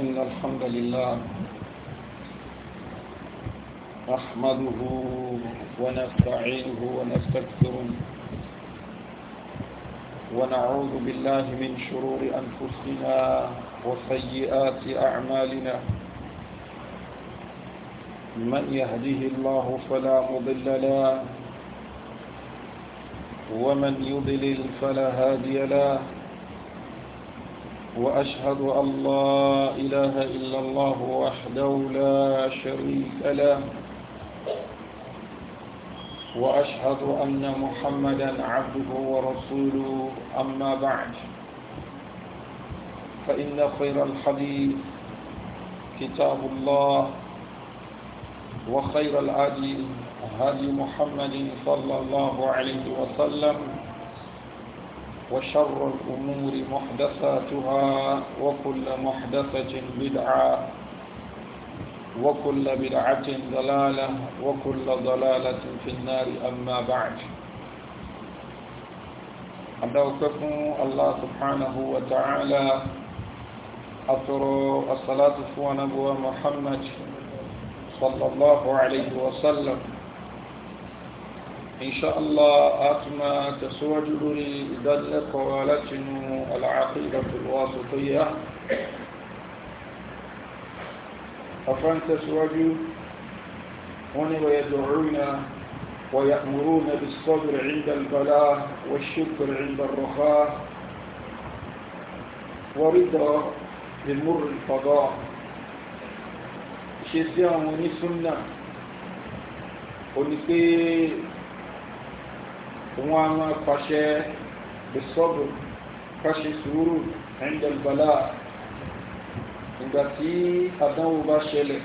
إن الحمد لله نحمده ونستعينه ونستكثره ونعوذ بالله من شرور أنفسنا وسيئات أعمالنا من يهده الله فلا مضل له ومن يضلل فلا هادي له وأشهد أن لا إله إلا الله وحده لا شريك له وأشهد أن محمدا عبده ورسوله أما بعد فإن خير الحديث كتاب الله وخير الأدي هدي محمد صلى الله عليه وسلم وشر الأمور محدثاتها وكل محدثة بدعة وكل بدعة ضلالة وكل ضلالة في النار أما بعد أدعوكم الله سبحانه وتعالى أثر الصلاة فوى نبوة محمد صلى الله عليه وسلم إن شاء الله أتما تسوى جلوري إذن قوالتن العقيدة الواسطية أفن تسوى هنا ويدعون ويأمرون بالصبر عند البلاء والشكر عند الرخاء ورضا بمر الفضاء شيء سياموني سنة ونكي wọn a máa pàṣẹ bisọ́bù pàṣẹ sùúrù ẹ̀ńdẹ̀lbàlá ìgbà tí àdánwò bá ṣẹlẹ̀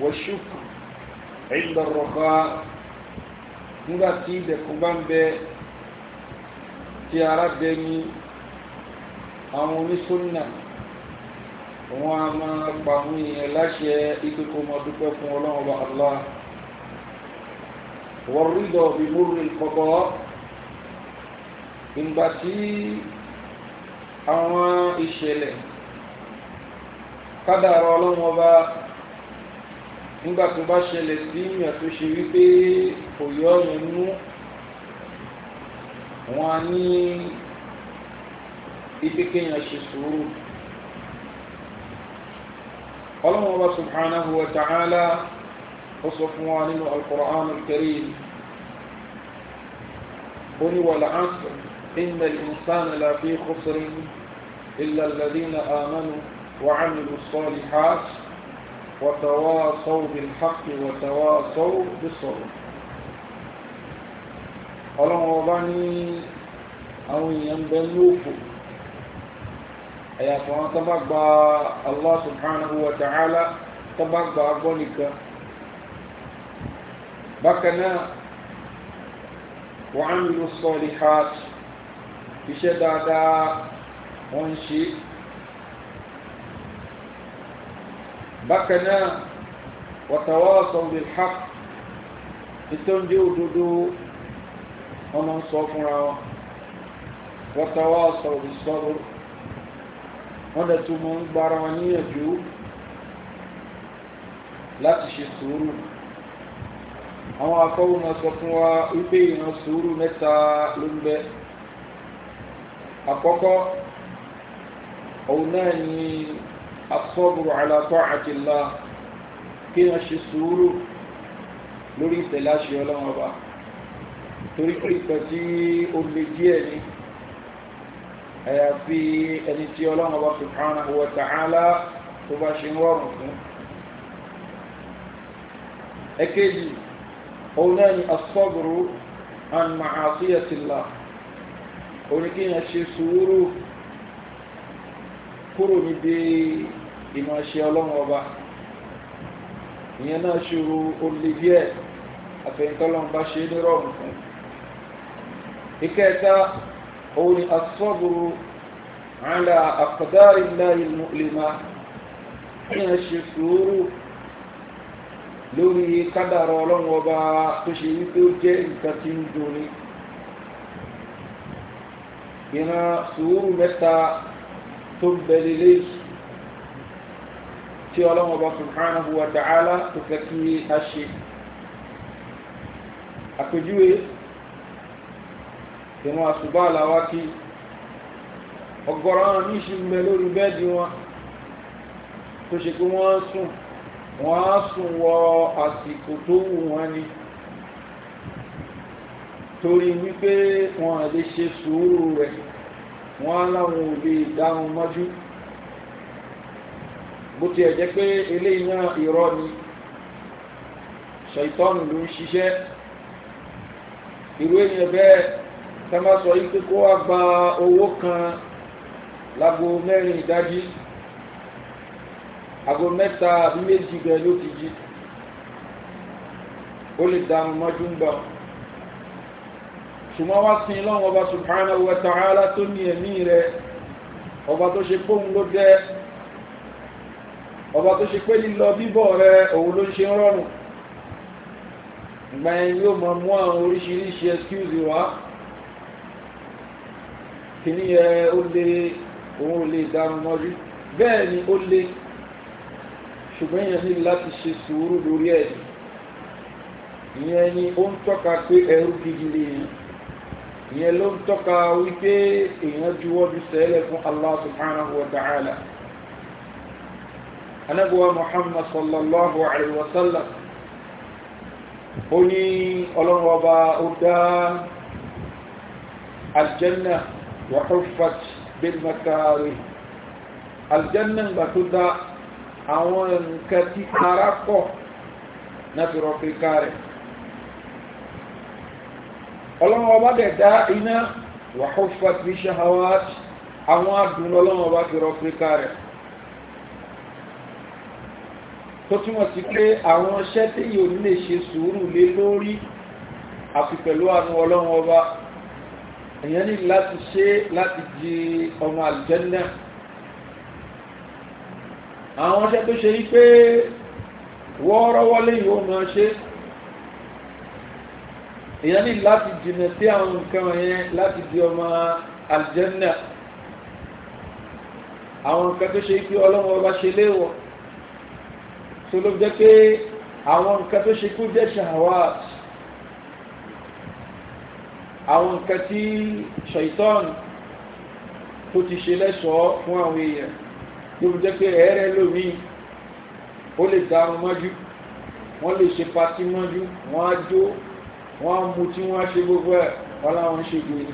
wọ́ṣùkù ẹ̀ńdẹ̀rọ̀bá nígbà tí ìdẹ̀kùn bá ń bẹ tí ara bẹ ní àwọn onísúnnà wọn a máa pa àwọn èèyàn láṣẹ ìpínkù ọmọdúpẹ́ fún ọlọ́run ọba allah والرضا بمر القضاء ìgbà tí àwọn ìṣẹ̀lẹ̀ kádàrá ọlọ́wọ́n bá nígbà tó bá ṣẹlẹ̀ sí ìyàn tó ṣe wípé kò yọ ọ̀yàn nú wọn ní ibi ṣe sùúrù ọlọ́wọ́n bá subhanahu wa ta'ala. وصفوان القرآن الكريم قل والعصر إن الإنسان لا في خسر إلا الذين آمنوا وعملوا الصالحات وتواصوا بالحق وتواصوا بالصبر ọlọ́run ọba أو àwọn èèyàn bẹ ní òfò àyàfọ̀ àwọn tọ́bá gba Allah subhanahu wa ta'ala tọ́bá gba bákanáà wọ́n ń lo sọ́ọ̀lì hart iṣẹ́ dáadáa wọ́n ń ṣe bákanáà wọ́tawọ́ sọ́ọ̀lì hart nítorí òdodo ọmọ ń sọ fúnra wọn wọ́tawọ́ sọ́ọ̀lì sọ́ọ̀lì wọ́n dẹ̀ tún mọ́ ń gbára wọn níyànjú láti ṣe sùúrù àwọn akọ́wọ́mọ sọ fún wa wípé ìran sùúrù mẹ́ta ló ń bẹ àkọ́kọ́ òun náà ni asọ́bùrù ala ta'atillah kí wọ́n ṣe sùúrù lórí ìtẹ̀láṣẹ ọlọ́run ọba torí pé ìtàn tí ó le díẹ̀ ni àyàfi ẹni tí ọlọ́run ọba subhanahu wa tó bá ṣe ń rọrùn fún ẹ̀kejì òun náà ni asọ́bùrù an ma'asiyatila oníkíyàn ṣe sùúrù kúrò níbi ìmọ̀ṣẹ́ ọlọ́run ọba ìyẹn náà ṣòro olùdíẹ̀ àfẹ̀yìntọ́lọ́run bá ṣe nírọ̀rùn fún ìkẹta òun ni asọ́bùrù ala àkọ́dárìláyìn mùlìmá ìyẹn ṣe sùúrù lórí kádàrọ ọlọ́run ọba tó ṣe wípé ó jẹ́ nǹkan tí ń dunni ìran sùúrù mẹ́ta tó ń bẹ lélẹ́ tí ọlọ́run ọba subhanahu wa ta'ala tó fẹ́ kí a ṣe àpèjúwe ìran àṣùbá àlàwá kí ọgọ́rọ̀ àwọn oníṣìí ń bẹ lórí bẹ́ẹ̀dì wọn tó ṣe pé wọ́n sùn wọ́n á sùn wọ àsìkò tó wù wọ́n ni torí wípé wọ́n lè ṣe sùúrù rẹ̀ wọ́n á láwọn ò lè dáhùn mọ́jú bó ti ẹ̀jẹ́ pé eléyìí náà irọ́ ni ṣàìtọ́nù ló ń ṣiṣẹ́ ìwé ni ẹ̀bẹ́ tá yí pé kó wá gba owó kan lágbo mẹ́rin ìdájí aago mẹ́ta àbí méjì gan ló ti jí ó lè dààmú mọ́jú ń gbà ṣùgbọ́n wá sin lọ́wọ́ ọba subhanahu wa ta'ala tó ní ẹ̀mí rẹ̀ ọba tó ṣe póun ló dẹ́ ọba tó ṣe pé lílọ bíbọ̀ rẹ̀ òun ló ń rọrùn ìgbà yẹn yóò mọ mú àwọn oríṣiríṣi excuse wá kìíní ẹ ó lè òun ò lè dààmú mọ́jú bẹ́ẹ̀ ni ó lè ṣùgbọ́n èèyàn ní láti ṣe sùúrù lórí ẹ̀ ìyẹn ni ó ń tọ́ka pé ẹrú gidi lè yàn ìyẹn ló ń tọ́ka wípé èèyàn juwọ́ ju sẹ́lẹ̀ fún Allah subhanahu wa ta'ala anabuwa Muhammad sallallahu alaihi wa sallam ó ní ọlọ́run ó dá aljanna wa huffat bil makari aljanna gbà dá àwọn nǹkan tí ara kọ̀ náà fi rọ̀pẹ̀ ká rẹ̀ ọlọ́run ọba dẹ̀ dá iná wàhọ́fà tí ṣahawat àwọn adùn ọlọ́run ọba fi rọ̀pẹ̀ ká rẹ̀ tó túmọ̀ sí pé àwọn iṣẹ́ tí yóò lè ṣe sùúrù lé lórí àfi pẹ̀lú àánú ọlọ́run ọba èèyàn ní láti ṣe láti di ọmọ àlùjànnà náà àwọn ọṣẹ́ tó ṣe wípé wọ́ọ́rọ́wọ́lé yóò máa ṣe èyàn ní láti jìnà sí àwọn nǹkan wọ̀nyẹn láti di ọmọ aljanna àwọn nǹkan tó ṣe wípé ọlọ́run ọba ṣe léwọ̀ tó ló jẹ́ pé àwọn nǹkan tó ṣe kú jẹ́ shahawat àwọn nǹkan tí shaitan tó ti ṣe lẹ́ṣọ̀ọ́ fún àwọn èèyàn ló fi jẹ́ pé ẹ̀ẹ́rẹ́ lómii ó lè darun mọ́jú wọ́n lè ṣe patí mọ́jú wọ́n á jó wọ́n á mu tí wọ́n á ṣe gbogbo ẹ̀ wọ́n láwọn ń ṣe gbé ni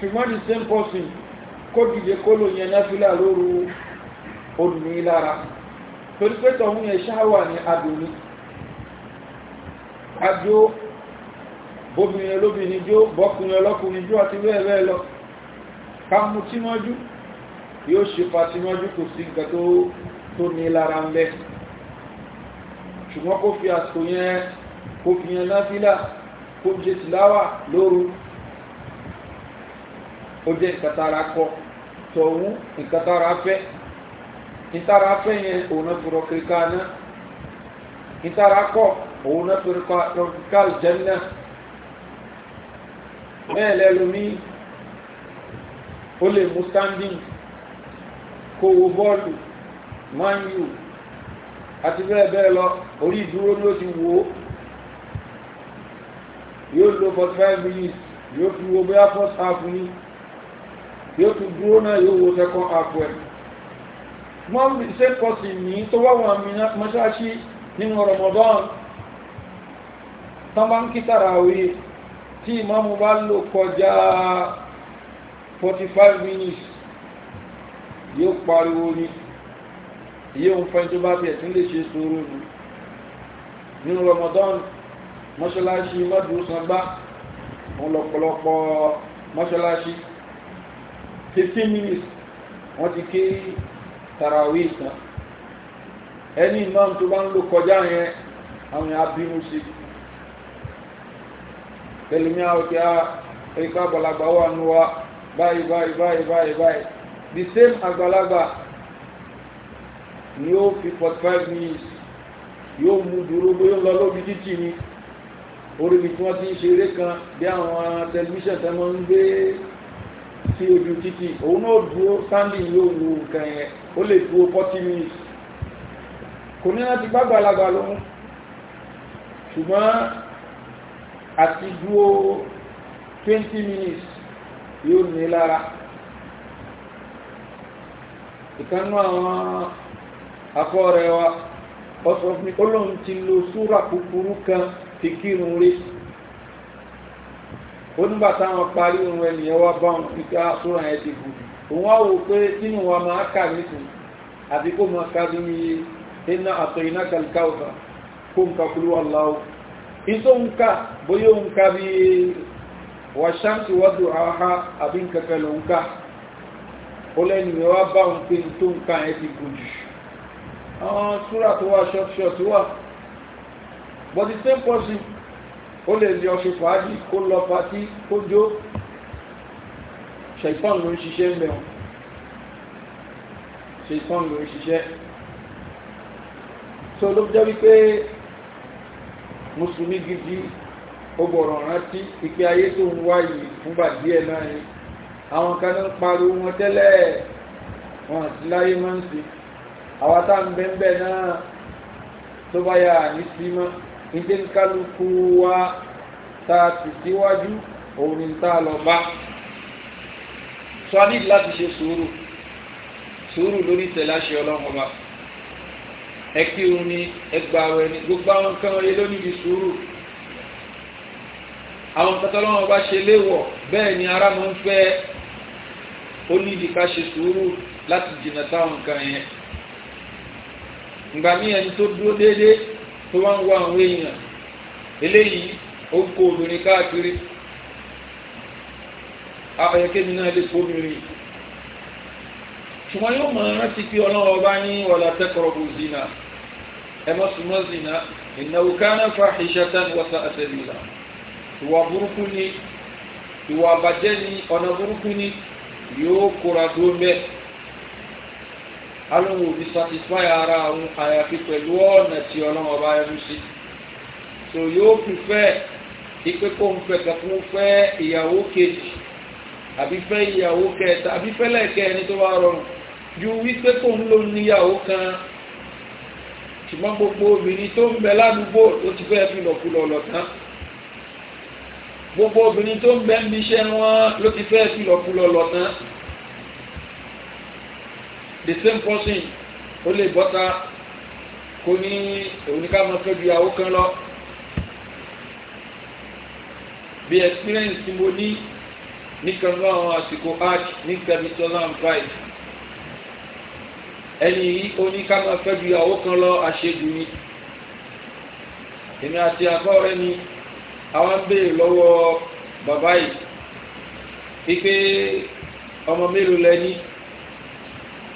ṣùgbọ́n the same person kó dìde kó lò yẹn náfìlà lóru òní lára torí pé tọ̀hún yẹn ṣáwà ní adùnní ajó bóbìnrin olóbìnrin jó bọ́kùnrin ọlọ́kùnrin jó àti bẹ́ẹ̀ bẹ́ẹ̀ lọ ká mu tí wọ́n jú yóò ṣe fasíwájú kò sí nǹkan tó tó ní lára ń bẹ ṣùgbọ́n kó fi àsìkò yẹn kó fi yẹn náfílà kó jẹ tìláwà lóru ó jẹ nǹkan tára kọ tọ̀hún nǹkan tára fẹ́ nítara fẹ́ yẹn òun náà fọ̀rọ̀ kíríkà náà nítara kọ òun náà fọ̀rọ̀ kíríkà jẹ́ náà bẹ́ẹ̀ lẹ́rù mi ó lè mú standing kó wo bọ́ọ̀lù man u àti bẹ́ẹ̀ bẹ́ẹ̀ lọ orí ìdúró ló ti wò ó yóò lo forty five minutes yóò fi wo bóyá first half ni yóò tún dúró náà yóò wo second half ẹ̀ wọ́n ṣe pọ̀ sí ní tó wá wọn mi mọ́ṣáṣí nínú Ramadan tán bá ń kí tí ìmáàmù bá lò kọjá forty minutes yóò pariwo ní yóò ń fẹ́ tó bá tiẹ̀ tún lè ṣe sùúrù nù nínú Ramadan mọ́ṣáláṣí mọ́dúnsangbá wọn lọ́pọ̀lọpọ̀ mọ́ṣáláṣí fifteen minutes wọ́n ti ké tarawih tán ẹni náà tó bá ń lò kọjá yẹn àwọn yẹn abínú sí pẹ̀lú mi àwọn kí á ah, ẹ̀ka bọ̀làgbà wà nù wa báyìí báyìí báyìí báyìí báyìí the same àgbàlagbà ni ó fi forty five minutes yóò mú dúró bóyá lọ lóbi títì ni orí mi tí wọ́n ti ń ṣe eré kan bí àwọn tẹlifíṣàn tẹ́ mọ́ ń gbé sí ojú títì òun náà dúró standing yóò wo nǹkan yẹn ó lè dúró forty minutes kò ní láti gbàgbàlagbà lóhun ṣùgbọ́n àti dúró twenty minutes yóò ní lára ìkanú àwọn akọ́ rẹ̀ wa ọ̀sọ̀ fún mi olóhùn ti lo súrà kúkúrú kan fi kírun rí onígbà táwọn parí ohun ènìyàn wa bá wọn fi ká súrà yẹn ti gùn òun á wò pé nínú wa máa kà nísìnyí àbí kó máa ká bí mi iná àtọ̀ iná kàlùkàwùsà kó nǹkan kúrú aláwọ̀ ìtò nǹka bóyá nǹka bí wàṣáǹtì wàdùn àhá àbí nǹkan pẹ̀lú nǹka ó lẹ́nu mi wá bá òun pé tó ń ka ẹ̀ ti gùn jù àwọn súrà tó wà ṣọ́ọ̀ṣọ́ tó wà but the same person ó lè lè ọṣù fàájì kó lọ patí kó jó ṣèpọ́n ló ń ṣiṣẹ́ ń bẹ̀rù ló ń ṣiṣẹ́ so ló jẹ́ wípé mùsùlùmí gidi ó gbọ́dọ̀ rántí ìpé ayé tó ń wáyé fúngbà díẹ̀ náà yìí àwọn kan ń pariwo wọn tẹ́lẹ̀ wọn àti láyé máa ń sí àwọn tá ń bẹ́ ń bẹ́ náà tó bá yà ní sí mọ́ ìdí ń kálukú wa tá a síwájú òun ni tá a lọ bá sọ láti ṣe sùúrù sùúrù lórí tẹ̀láṣẹ ọlọ́run ọba ẹ ni ẹ gbààwẹ̀ ni gbogbo àwọn nǹkan wọn lónìí sùúrù àwọn nǹkan tọ́lọ́run ṣe léwọ̀ bẹ́ẹ̀ ni ara máa ń fẹ́ ó ní ìdí ká ṣe sùúrù láti jìnà táwọn nǹkan yẹn ìgbà mí ẹni tó dúró déédéé tó wá ń wá àwọn èèyàn eléyìí ó ń kó obìnrin káàkiri ayọ̀kẹ́mi náà lè kó obìnrin ṣùgbọ́n yóò mọ̀ rántí pé ọlọ́run ọba ní wala taqrabu zina ẹ súnmọ́ zina innahu kana fahishatan wa sa'a sabila ìwà burúkú ni ìwà àbàjẹ́ ni ọ̀nà burúkú ni yóò kóra tó mẹ́ alóhùn òbí satisfy ara àwọn àyàfi pẹ̀lú ọ̀nà tí ọlọ́wọ́ bá yẹnu sí so yóò prefer ipe kó ń fẹ́ kankan fẹ́ ìyàwó kejì àbí fẹ́ ìyàwó kẹta àbí fẹ́lẹ̀ kẹrin tó bá rọrùn ju wípé kó ń lò níyàwó kan ṣùgbọ́n gbogbo obìnrin tó ń bẹ ládùúgbò tó ti fẹ́ fi lọ̀kulọ̀ lọ̀tán gbogbo obìnrin tó ń bẹ ń bíṣẹ́ wọn ló ti fẹ́ kìlọ̀kulọ̀ lọ́nà the same person ó lè bọ́ta kò ní oníkàmọ́ fẹ́ bí ìyàwó kan lọ bí experience tí mo ní nìkan lọ àwọn àsìkò arch ní kẹbi two thousand five ẹni yìí oníkàmọ́ fẹ́ bí ìyàwó kan lọ àṣejù ni èmi àti àbá ọ̀rẹ́ mi àwọn ń béèrè lọ́wọ́ bàbá yìí wípé ọmọ mélòó lẹ́ni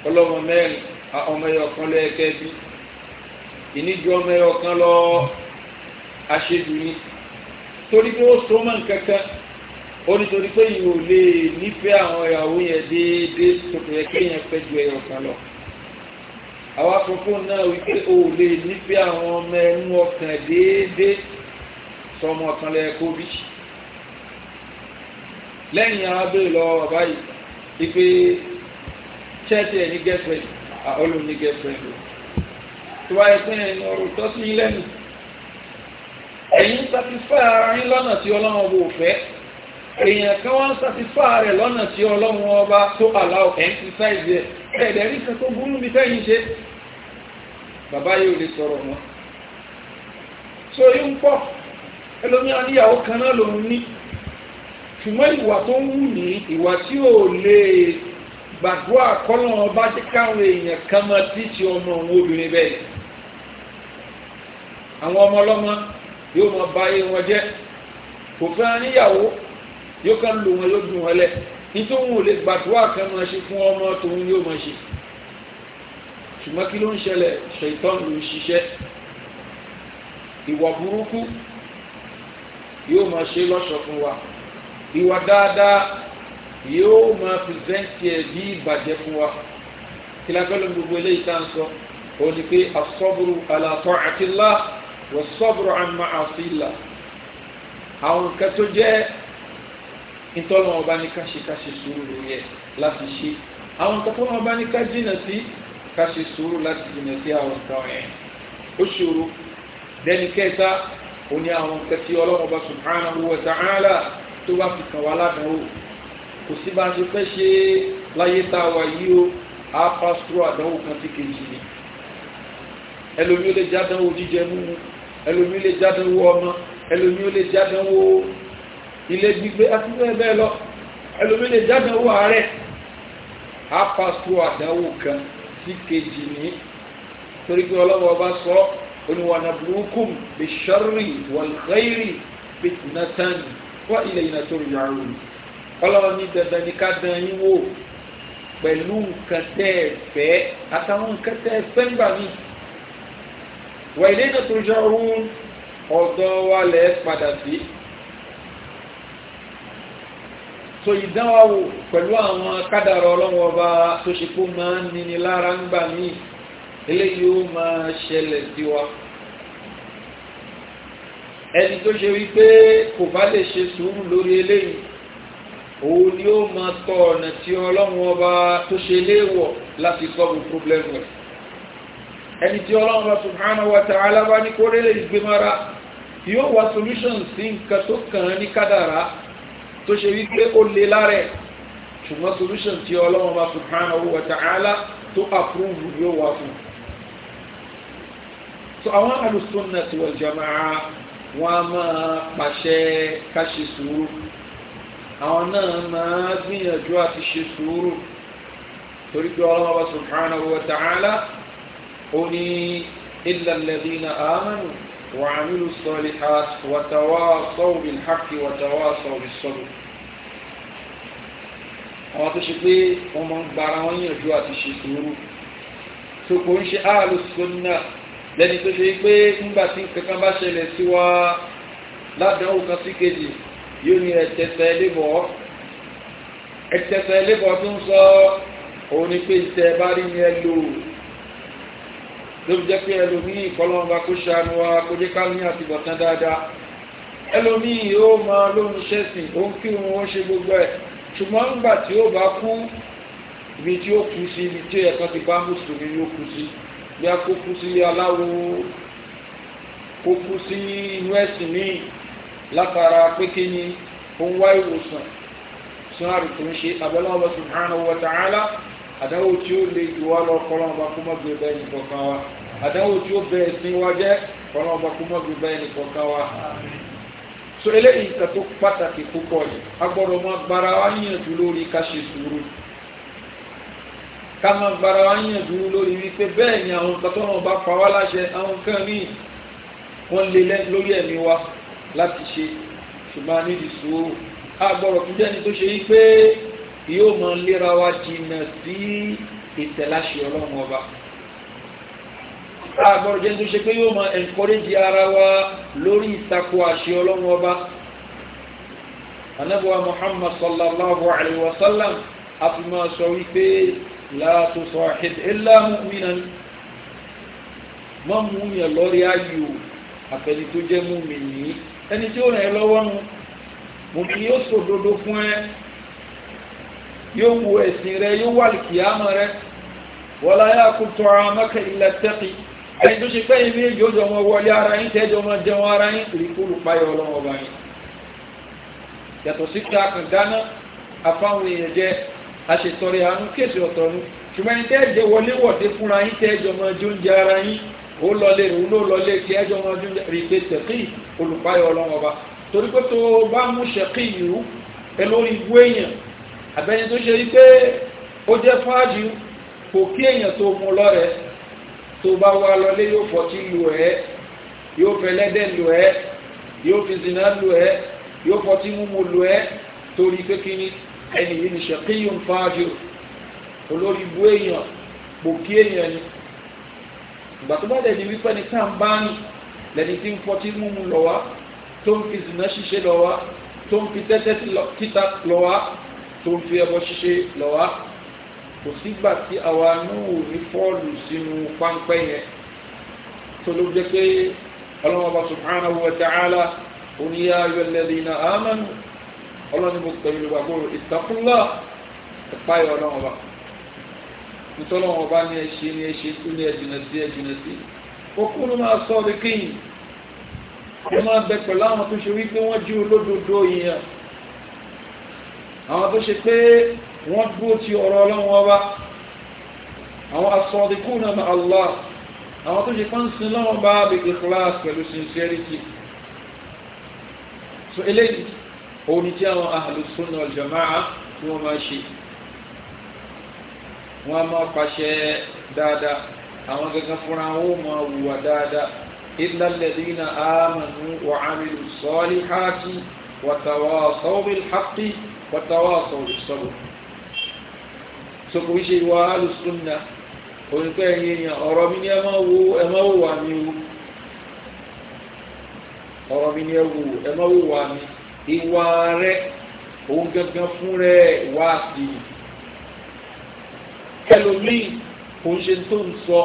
ọlọ́mọ mẹ́rin ọmọ ẹyọkan lẹ́ẹ̀kẹ́ bí ìníjú ọmọ ẹyọkan lọ aṣèjú ni torí pé ó so mọ́ nǹkan kan ó nítorí pé yìí ò lè nífẹ̀ẹ́ àwọn ìyàwó yẹn déédéé tó kò yẹ kéèyàn fẹ́ ju ẹyọkan lọ àwọn afọ́fọ́ náà wípé ò lè nífẹ̀ẹ́ àwọn ọmọ ẹnu ọkàn déédéé tọmọ kan lẹ kó bí lẹ́yìn abéèrè lọ bàbá yìí ipe chẹ́ẹ̀tì ẹ̀ ní girlfriend olùm ní girlfriend o tó wáyé pé ẹ̀yin ọ̀rọ̀ tọ́ sí yín lẹ́nu ẹ̀yin satisfy ara yín lọ́nà tí ọlọ́run ọba ò fẹ́ èèyàn kan wá ń satisfy rẹ̀ lọ́nà tí ọlọ́run ọba tó allow exercise ẹ̀ ẹ̀ẹ́dẹ̀ rí kan tó burú bí fẹ́yìn ṣe bàbá yìí ò lè sọ̀rọ̀ mọ́ so yín ń pọ̀ ẹlòmíràn níyàwó kan náà lòun ní ṣùgbọ́n ìwà tó ń wù ní ìwà tí ò lè gbàdúrà kọ́lọ́ ọba jẹ́ káwọn èèyàn kan máa tí ti ọmọ òun obìnrin bẹ́ẹ̀ àwọn ọmọ ọlọ́mọ yóò máa bà ayé wọn jẹ́ kò fẹ́ níyàwó yóò kàn lò wọn yóò dùn wọn lẹ̀ nítorí wọn ò lè gbàdúrà kan máa ṣe fún ọmọ tòun yóò máa ṣe ṣùgbọ́n kí ló ń ṣẹlẹ̀ ṣètọ́n ìwà burúkú yóò máa ṣe lọ́ṣọ̀ fún wa ìwà dáadáa yóò máa pìrìsẹ́ǹtì ẹ̀ bí ìbàjẹ́ fún wa kìlákọ́lù gbogbo eléyìí tá à ń sọ ó ní pé asọ́bùrù ala ta'atillah wọ sọ́bùrù an ma'asillah àwọn nǹkan tó jẹ́ ìtọ́nà ọba ní káṣíkáṣí sùúrù yẹ láti ṣe àwọn nǹkan tó wọn bá ní ká sí káṣí sùúrù láti jìnà sí àwọn nǹkan yẹn ó ṣòro dẹni ó ní àwọn kẹtí ọlọ́run bá subhanahu wa ta'ala tó bá fi kàn wá ládàáwò kò sí bá a ṣe fẹ́ ṣe láyé tá a wà yìí o á pásítọ̀ àdánwò kan sí kejì ni ẹlòmí ó lè jádánwò jíjẹ múmu ẹlòmí ó lè jádánwò ọmọ ẹlòmí ó lè jádánwò ilé gbígbé àti bẹ́ẹ̀ bẹ́ẹ̀ lọ ẹlòmí ó lè jádánwò ààrẹ á pásítọ̀ àdánwò kan sí kejì ni torí pé ọlọ́wọ́ bá ونبلوكم بالشر والخير فتنة وإلينا ترجعون ọlọ́run ní dandan ní ká dán yín wò pẹ̀lú nǹkan tẹ́ ẹ fẹ́ àtàwọn nǹkan tẹ́ ẹ fẹ́ ńgbà mí. wà ilé náà tó jọ ohun wa lẹ̀ padà sí. so ìdánwò pẹ̀lú àwọn kádàrọ̀ ọlọ́run ọba tó ṣe kó máa ń nini lára ńgbà míì eléyìí ó máa ṣẹlẹ̀ sí wa ẹni tó ṣe wípé kò bá lè ṣe sùúrù lórí eléyìí òun ni ó máa tọ ọ̀nà tí ọlọ́run ọba tó ṣe léèwọ̀ láti sọ́ọ̀bù pọ́blẹ́mù rẹ̀ ẹni tí ọlọ́run ọba subhanahu wa ta'ala bá ní kórè lè gbé mara yóò wá solution sí nǹkan tó kàn án ní kádàrá tó ṣe wípé ó lè lárẹ̀ ṣùgbọ́n solution tí ọlọ́run ọba subhanahu wa ta'ala tó approve yóò wá fún un so àwọn alùsùnnà wal jama'a wọn a máa pàṣẹ ká ṣe sùúrù àwọn náà máa gbìyànjú àti ṣe sùúrù torí pé ọlọ́mọba subhanahu wa ta'ala ó ní illa alladhina amanu وعملوا الصالحات وتواصوا بالحق وتواصوا بالصبر àwọn tó ṣe pé wọ́n máa ń wọn yànjú àti ṣe sùúrù tó kò ń ṣe àlùsùn lẹ́ni tó ṣe pé nígbà tí kankan bá ṣẹlẹ̀ sí wa ládàáwò kan sí kejì yóò ní ẹ̀tẹ̀sẹ̀ lébọ̀ ẹ̀tẹ̀sẹ̀ lébọ̀ tó ń sọ òun ni pé ìtẹ̀ bá rí ni ẹ lò ló fi jẹ́ pé ẹlòmíì kọ́lọ́mọba kó ṣàánú wa kó jẹ́ ká ní àtìbọ̀tán dáadáa ẹlòmíì yóò máa lóhun ṣẹ́sìn òun kírun ó ṣe gbogbo ẹ̀ ṣùgbọ́n nígbà tí ó bá kú ibi tí ó kú sí ibi tí ẹ̀kan ti bá mùsùlùmí yóò kú sí bí a kó kú sílé aláwo kó kú sí inú ẹ̀sìn míì látara pékè ní òun wá ìwòsàn sọ́nàrì tó ń ṣe abẹ́lẹ́wọ̀n subhanahu wa ta'ala àdáwò tí ó lè jù wá lọ kọ́lọ́mọba kó má gbé bẹ́ẹ̀ nìkan kan wa àdáwò tí ó bẹ̀rẹ̀ sí wá jẹ́ kọ́lọ́mọba kó má gbé bẹ́ẹ̀ nìkan kan wa so eléyìí ìtàn tó pàtàkì púpọ̀ yìí agbọ́dọ̀ mọ́ gbára wa níyànjú lórí ká ṣe sùúrù ká máa gbára wa yànjú lórí wípé bẹ́ẹ̀ ni àwọn nǹkan tó wọn bá pa wá láṣẹ àwọn nǹkan míì wọ́n lé lórí ẹ̀mí wa láti ṣe ṣùgbọ́n a nídìí sùúrù a gbọ́dọ̀ fún jẹ́ni tó ṣe yí pé yóò máa léra wa jìnnà sí ìtẹ̀láṣẹ ọlọ́run ọba a gbọ́dọ̀ jẹ́ni tó ṣe pé yóò máa encourage ara wa lórí ìtakò àṣẹ ọlọ́run ọba anabuwa muhammad sallallahu alaihi wa sallam a fi máa sọ wípé la tusahib illa mu'minan mọ́ mú yàn lórí ayò àfẹ́ni tó jẹ́ mùmínì ẹni tí ó ràn ẹ́ lọ́wọ́ nu mùmínì yóò sòdodo fún ẹ yóò wu ẹ̀sìn rẹ yóò wà lìkìyàmọ̀ rẹ wala ya'kul ta'amaka illa taqi ẹni tó ṣe pé ibi yóò jọ ọmọ wọlé ara yín tẹ́jọ́ ọmọ jẹun ara yín rí kúrú páyọ̀ ọlọ́wọ́ báyìí yàtọ̀ sí pé a kàn dáná afáwọn èèyàn jẹ́ àṣetọrẹ àánú kéèsì ọ̀tọ̀nu ṣùgbọ́n ẹni tẹ́ẹ̀jẹ́ wọlé wọ̀dé fúnra yín tẹ́ẹ̀jọ mọ ọjọ́ oúnjẹ ara yín ó lọlé rẹ̀ ó lọlé kí ẹjọ mọ ọjọ́ oúnjẹ rí pé tẹ̀kí olùpáyọ̀ ọlọ́run ọba torí pé tó bá mú ṣẹ̀kí ìlú ẹ lórí ibú èèyàn àbẹ́ni tó ṣe wípé ó jẹ́ fáájú kò kí èèyàn tó mú lọ́rẹ̀ tó bá wá lọlé yóò fọtí lù ẹ́ yóò fẹlẹ́dẹ̀ lù ẹ́ yóò fi zìnà lù ẹ́ yóò fọtí múmu lù ẹ́ torí pé kíní ẹni yìí ni ṣẹ̀kíyùn fáájú olórí ibú èèyàn gbòkí èèyàn ni ìgbà tó bá dẹ̀ni wípé ni tá à ń bá ní lẹ́ni tí ń fọtí múmu lọ wá tó ń fi zìnà ṣiṣẹ́ lọ tó ń fi tẹ́tẹ́ títa lọ tó ń fi ẹbọ ṣiṣẹ́ lọ kò sígbà tí àwa náà ní fọ́ọ̀lù sínú páńpẹ́ yẹn tó ló jẹ́ pé ọlọ́mọba subhanahu wa ta'ala oníyá ayọ̀ lẹ́dínà ọlọ́ni mo pẹ̀lú olùgbàgbọ́ ìtàkùnlá ìpáyọ̀ ọlọ́run ọba nítọ́lọ́run ọba ní ẹṣin ní ẹṣin tó ní ẹjìnà sí ẹjìnà sí okú ló máa sọ ọ́ kéyìn ó máa bẹ pẹ̀lú àwọn tó ṣe wípé wọ́n jí olódodo yìnyín àwọn tó ṣe pé wọ́n dúró ti ọ̀rọ̀ ọlọ́run ọba àwọn asọ̀dìkú náà ma Allah àwọn tó ṣe fáǹsìn lọ́wọ́ bá bèèrè class pẹ̀lú sincerity so eléyìí òun ni tí àwọn ahlus sunnah wal jama'a tí wọ́n máa ṣe wọ́n máa pàṣẹ dáadáa àwọn gangan fúnra wọn ó máa wùwà dáadáa illal ladhina amanu wa amilu salihati wa tawasaw ọ̀rọ̀ mi ni ẹ máa wo ẹ wà mí ìwà rẹ òun gangan fún rẹ wá sí i ẹlòmíì kò ń ṣe tó ń sọ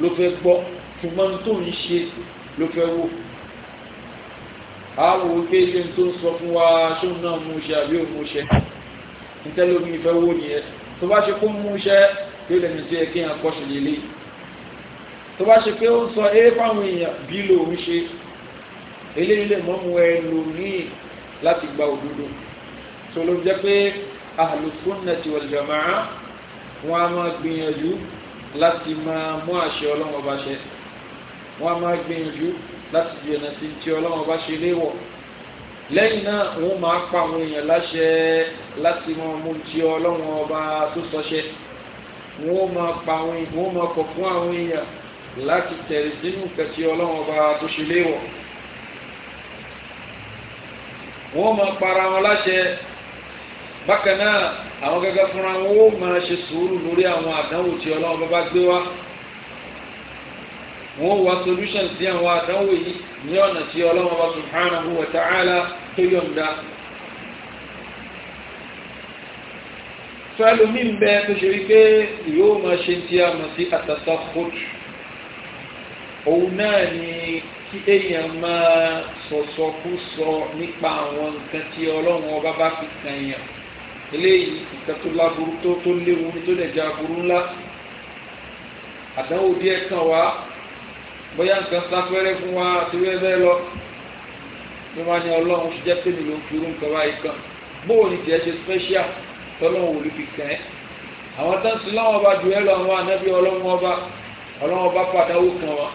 ló fẹ́ gbọ́ ṣùgbọ́n tó ń ṣe ló fẹ́ wò àwọ̀ pé ṣe tó ń sọ fún wa ṣóun náà mú ṣe àbí òun mú ṣe nítẹ́lómi ìfẹ́ wò nìyẹn tó bá ṣe kó mú ṣe yóò lẹ́nu tí ẹ kí n akọ́ṣe lélẹ́yìí tó bá ṣe pé ó ń sọ é fáwọn èèyàn bí lòun ṣe eléyìí lè mọ́ mu ẹlòmíì láti gba òdodo tó ló jẹ́ pé ahlùsúnnàtì wàlùjọ̀máà wọn a máa gbìyànjú láti máa mú àṣẹ ọlọ́wọ́n bá ṣẹ wọn a máa gbìyànjú láti jìnnà sí ti ọlọ́wọ́n bá ṣe léwọ̀ lẹ́yìn náà wọ́n máa pa àwọn èèyàn láṣẹ láti máa mú ti ọlọ́wọ́n ọba tó sọṣẹ wọ́n máa pa àwọn èèyàn wọ́n máa kọ̀ fún àwọn èèyàn láti tẹ̀lé sínú kẹsì ọlọ́wọ́n ọba tó ṣe léwọ̀ wọ́n máa para wọn láṣẹ bákan náà àwọn gẹ́gẹ́ fúnra wọn ó máa ṣe sùúrù lórí àwọn àdánwò tí ọlọ́run bá bá gbé wá wọ́n wá solution sí àwọn àdánwò yìí ní ọ̀nà tí ọlọ́run bá subhanahu wa ta'ala tó yọ̀ǹda. fẹ́lú mí ń bẹ tó ṣe wípé yóò máa ṣe ti a sí àtàtà kóòtù òun náà ni tí èèyàn máa sọ̀sọ̀kúsọ nípa àwọn nǹkan tí ọlọ́run ọba bá fi kàn yàn eléyìí nǹkan tó láburú tó tó léwu ní tó dẹ̀jà burú ńlá àdánwò díẹ̀ kan wá bóyá nǹkan sáfẹ́rẹ́ fún wa àti wẹ́ẹ́bẹ́ lọ ní wọ́n á ní ọlọ́run ṣe jẹ́ pé mi ló ń fi irú nǹkan báyìí kan bóò ní tiẹ̀ ṣe special tọ́lọ́run ò fi kàn ẹ́ àwọn tó ń láwọn ọba jù ẹ́ lọ àwọn ànábì ọlọ́run ọba ọlọ́run ọba pàdánwò kan wọn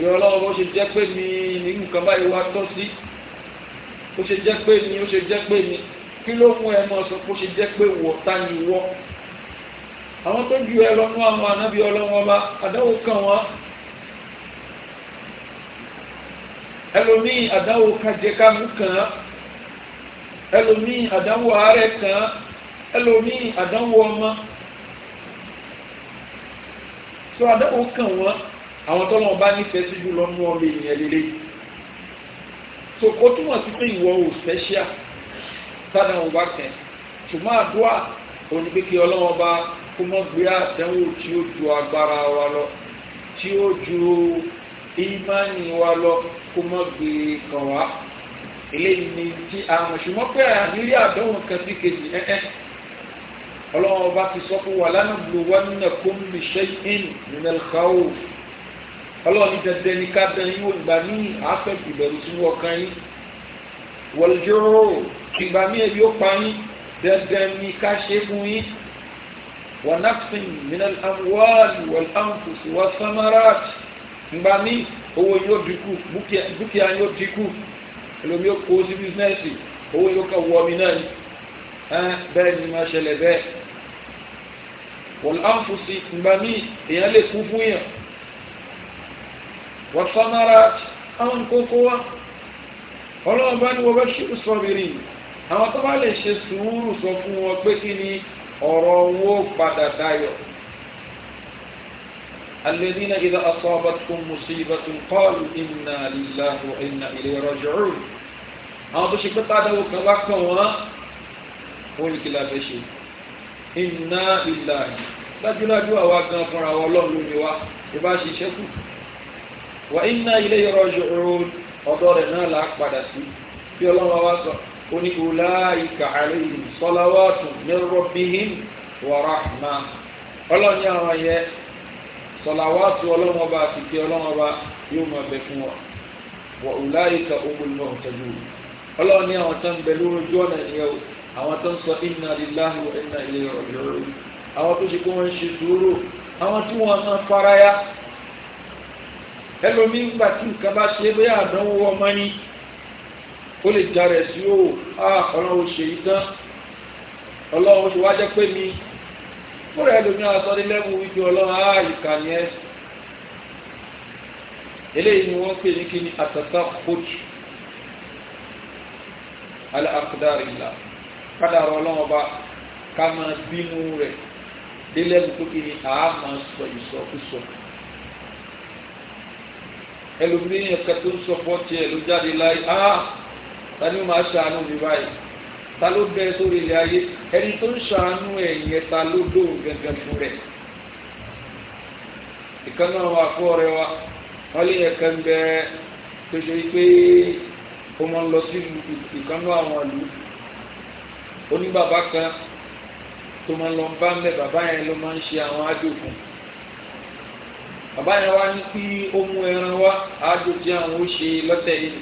ìrọ̀ ọlọ́wọ́ bó ṣe jẹ́ pé mi ní nǹkan báyìí wá tọ́ sí ó ṣe jẹ́ pé mi ó ṣe jẹ́ pé mi kí ló mú ẹ mọ́ sọ pé ó ṣe jẹ́ pé wọ́ ta ni wọ́ àwọn tó ju ẹ lọ́nú àwọn ànábì ọlọ́wọ́ bá àdáwò kan wọ́n ẹlòmíì àdáwò kajẹkámú kan ẹlòmíì àdáwò àárẹ̀ kan ẹlòmíì àdáwò ọmọ sọ àdáwò kan wọ́n àwọn tọ́lọ̀ bá nífẹ̀ẹ́ sí jùlọ mú ọmọ ènìyàn lélẹ̀ so ó túmọ̀ sí pé ìwọ ò fẹ́ṣíà tánà ò bá kẹ́ ṣùgbọ́n àdúrà òní ọlọ́wọ́n bá kó mọ́ gbé àdánwò tí ó ju agbára wa lọ tí ó ju ìmánì wa lọ kó mọ́ gbé kàn wá eléyìí ni tí a ṣùgbọ́n pé àrírí àdánwò kan sí kejì ẹ́ẹ́ ọlọ́wọ́n bá ti sọ fún wa lánàá gbòwá nínú ẹ̀kọ́ mi ṣẹ́yìn nínú ọlọ́run ní dandan ní ká dan yín olùgbà ní àfẹ́kù ìbẹ̀rù sínú ọkàn yín wọ̀lùjọ́rò ìgbà mí ẹ̀bí ó pa yín dandan ní ká ṣe fún yín wọ̀nàfin minal amwali wal anfusi wa samarat ìgbà mí owó yóò dínkù dúkìá yóò dínkù ẹlòmí ó kó sí bísínẹ́sì owó yóò kà wọ́ mi náà ni bẹ́ẹ̀ ni máa ṣẹlẹ̀ bẹ́ẹ̀ wọ̀l anfusi ìgbà mí èèyàn lè kú fún yàn wọ́sánáràt àwọn kókó wá ọlọ́run bá ní wọ́n bá ṣe sọ́bìrì àwọn tó bá lè ṣe sùúrù sọ fún wọn pé kí ni ọ̀rọ̀ owó padà dayọ̀ الذين إذا أصابتكم مصيبة قالوا إنا لله وإنا إليه راجعون àwọn tó ṣe pé tádàwò kan bá kàn wọ́n wọ́n ní kí fẹ́ ṣe inna lillahi dájúdájú àwa gan fúnra wa ọlọ́run ló ní ìbá ṣiṣẹ́ kù wà iná ilé ìrọ̀jù road ọ̀dọ́ rẹ̀ náà là á padà sí bí ọlọ́run wa sọ ó ní ulaika alayhim salawatu min rabbihim wa rahma ọlọ́run ní àwọn yẹ salawatu ọlọ́run ọba àti kí ọlọ́run yóò máa bẹ fún wọn wa ulaika humul muhtadun ọlọ́run ní àwọn tó ń bẹ lójú ọ̀nà ìyẹn o àwọn tó sọ inna lillahi àwọn tó ṣe kó wọ́n ń ṣe sùúrù àwọn tí wọ́n máa fara ya ẹlòmí ń gbà tí nǹkan bá ṣe bóyá àdánwò ọmọ ní ó lè já rẹ̀ sí ó ọlọ́run ṣe yí tán ọlọ́run ṣe wá jẹ́ pé mi fúnra ẹlòmí àtọ́ni lẹ́mú wípé ọlọ́run á ìkà ni ẹ́ eléyìí ni wọ́n pè ní kí ni àtàtà kóòtù alákùdárìlà kádàrọ̀ ọlọ́run ọba ká máa bínú rẹ̀ délẹ́mú tó kí ni àá máa sọ ìsọkúsọ ẹlòmíì ní ẹ̀ka tó ń sọpọ́ tiẹ̀ ló jáde láyé ah ta ni ó máa ṣàánú mi báyìí ta ló bẹ sórí ilé ayé ẹni tó ń ṣàánú ẹ̀yìn ẹ̀ ta ló dóhùn gẹ́gẹ́ fún rẹ̀ ìkan náà wà fún ọ̀rẹ́ wa wọ́n lé ẹ̀ka ń bẹ tó pé ó máa ń lọ sí ìkan náà àwọn ìlú oníbàbá kan tó máa ń lọ bá ń bẹ bàbá yẹn ló máa ń ṣe àwọn àjò fún un bàbá yẹn wá ní kí ó mú ẹran wá àjò tí àwọn ó ṣe lọ́tẹ̀ yìí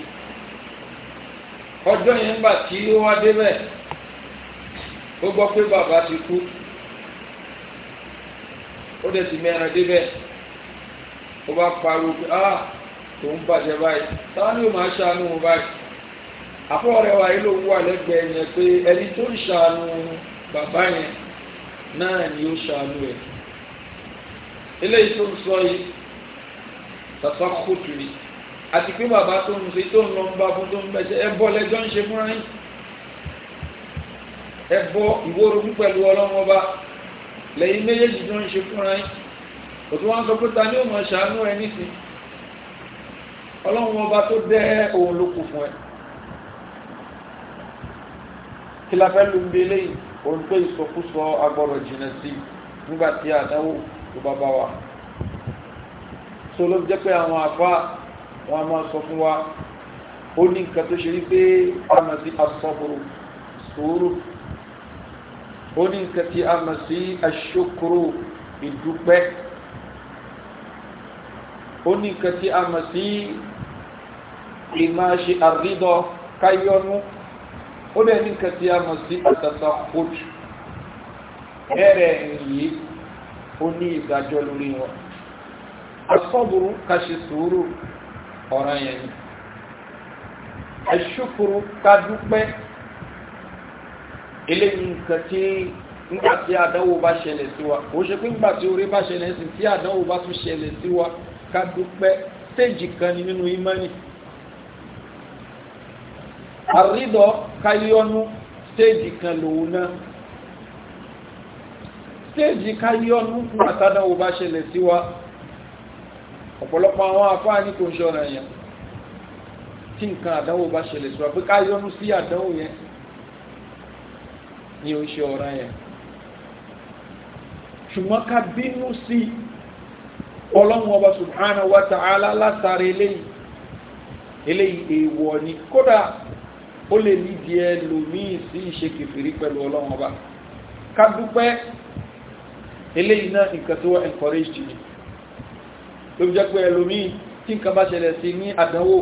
ọjọ́ yẹn gbà tí ó wá débẹ̀ ó gbọ́ pé bàbá ti kú ó dẹ̀ ti mẹ́ran débẹ̀ ó bá pariwo pé ah òun bàjẹ́ báyìí táwọn ní òun máa ṣàánú òun báyìí àpò ọ̀rẹ́ wa yìí ló wà lẹ́gbẹ̀ẹ́ yẹn pé ẹni tó ń ṣàánú bàbá yẹn náà ni ó ṣàánú ẹ̀ eléyìí tó ń sọ yìí tàfà kóòtù ni àti pé bàbá tó ń ṣe tó ń lọ ń bá fún tó ń bẹ̀ṣẹ̀ ẹ bọ́ lẹ́jọ́ ń ṣe fúnra yín ẹ bọ́ ìwórogún pẹ̀lú ọlọ́run ọba lẹ́yìn méjèèjì tó ń ṣe fúnra yín òtún wọn sọ pé ta ni ó ṣàánú ẹ nísìn ọlọ́run tó dẹ́ òun ló kù fún ẹ kí la fẹ́ lu ń bí eléyìí òun ìsọkúsọ agbọ́rọ̀ jìnnà sí nígbà tí àdáwò tó bá bá wa so ló jẹ́ pé àwọn àfa wọn a máa sọ fún wa ó ní nǹkan tó ṣe rí pé a mọ̀ sí asọ́bùrù sùúrù ó ní nǹkan tí a mọ̀ sí aṣókòrò ìdúpẹ́ ó ní nǹkan tí a mọ̀ sí ìmá àrídọ́ káyọ́nú ó dẹ̀ ní nǹkan tí a mọ̀ sí àtàtà kóòtù ẹ̀rẹ̀ yìí ó ní ìdájọ́ lórí wọn asọ́bùrú ká sùúrù ọ̀ràn yẹn ni ẹ̀ṣùkúrú ká eléyìí nǹkan tí nígbà tí àdánwò bá ṣẹlẹ̀ sí wa ó ṣe pé nígbà tí orí bá ṣẹlẹ̀ sí tí àdánwò bá tún ṣẹlẹ̀ sí wa ká dúpẹ́ stéèjì kan ni nínú ìmánì àrídọ́ ká stéèjì kan lòun náà stéèjì káyọ́nù fún àtàdánwò bá ṣẹlẹ̀ sí wa ọ̀pọ̀lọpọ̀ àwọn afáà ní kò ń ṣọ́ra yẹn tí nǹkan àdánwò bá ṣẹlẹ̀ sí wa pé káyọ́nù sí àdánwò yẹn ni ó ṣe ọ̀rá yẹn ṣùgbọ́n ká bínú sí ọlọ́run ọba subhanahu wa ta'ala látàrí eléyìí eléyìí èèwọ̀ ni kódà ó lè nídìí ẹlòmíì sí ìṣe kìfìrí pẹ̀lú ọlọ́run ọba ká dúpẹ́ eléyìí náà nǹkan tó wà encouraged ni ló jẹ́ pé ẹlòmíì tí nǹkan bá ṣẹlẹ̀ sí ní àdánwò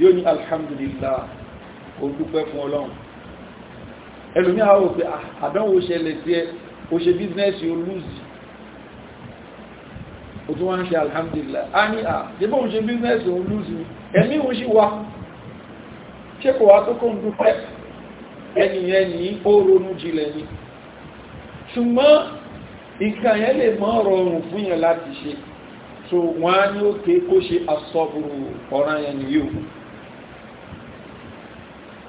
yóò ní alhamdulillah ó dúpẹ́ fún ọlọ́run ẹlòmíì àwọn òpè ah, àdánwò ṣẹlẹ̀ sí ẹ ó ṣe bíznẹ́sì ó lùzì ó tún wá ṣe alhamdulillah a ní ah, ó ṣe bíznẹ́sì ó ni ṣùgbọ́n nǹkan yẹn lè mọ́ rọrùn fún yẹn láti ṣe so wọ́n á ní òkè kó ṣe asọ́bùrù ọ̀ràn yẹn ni yóò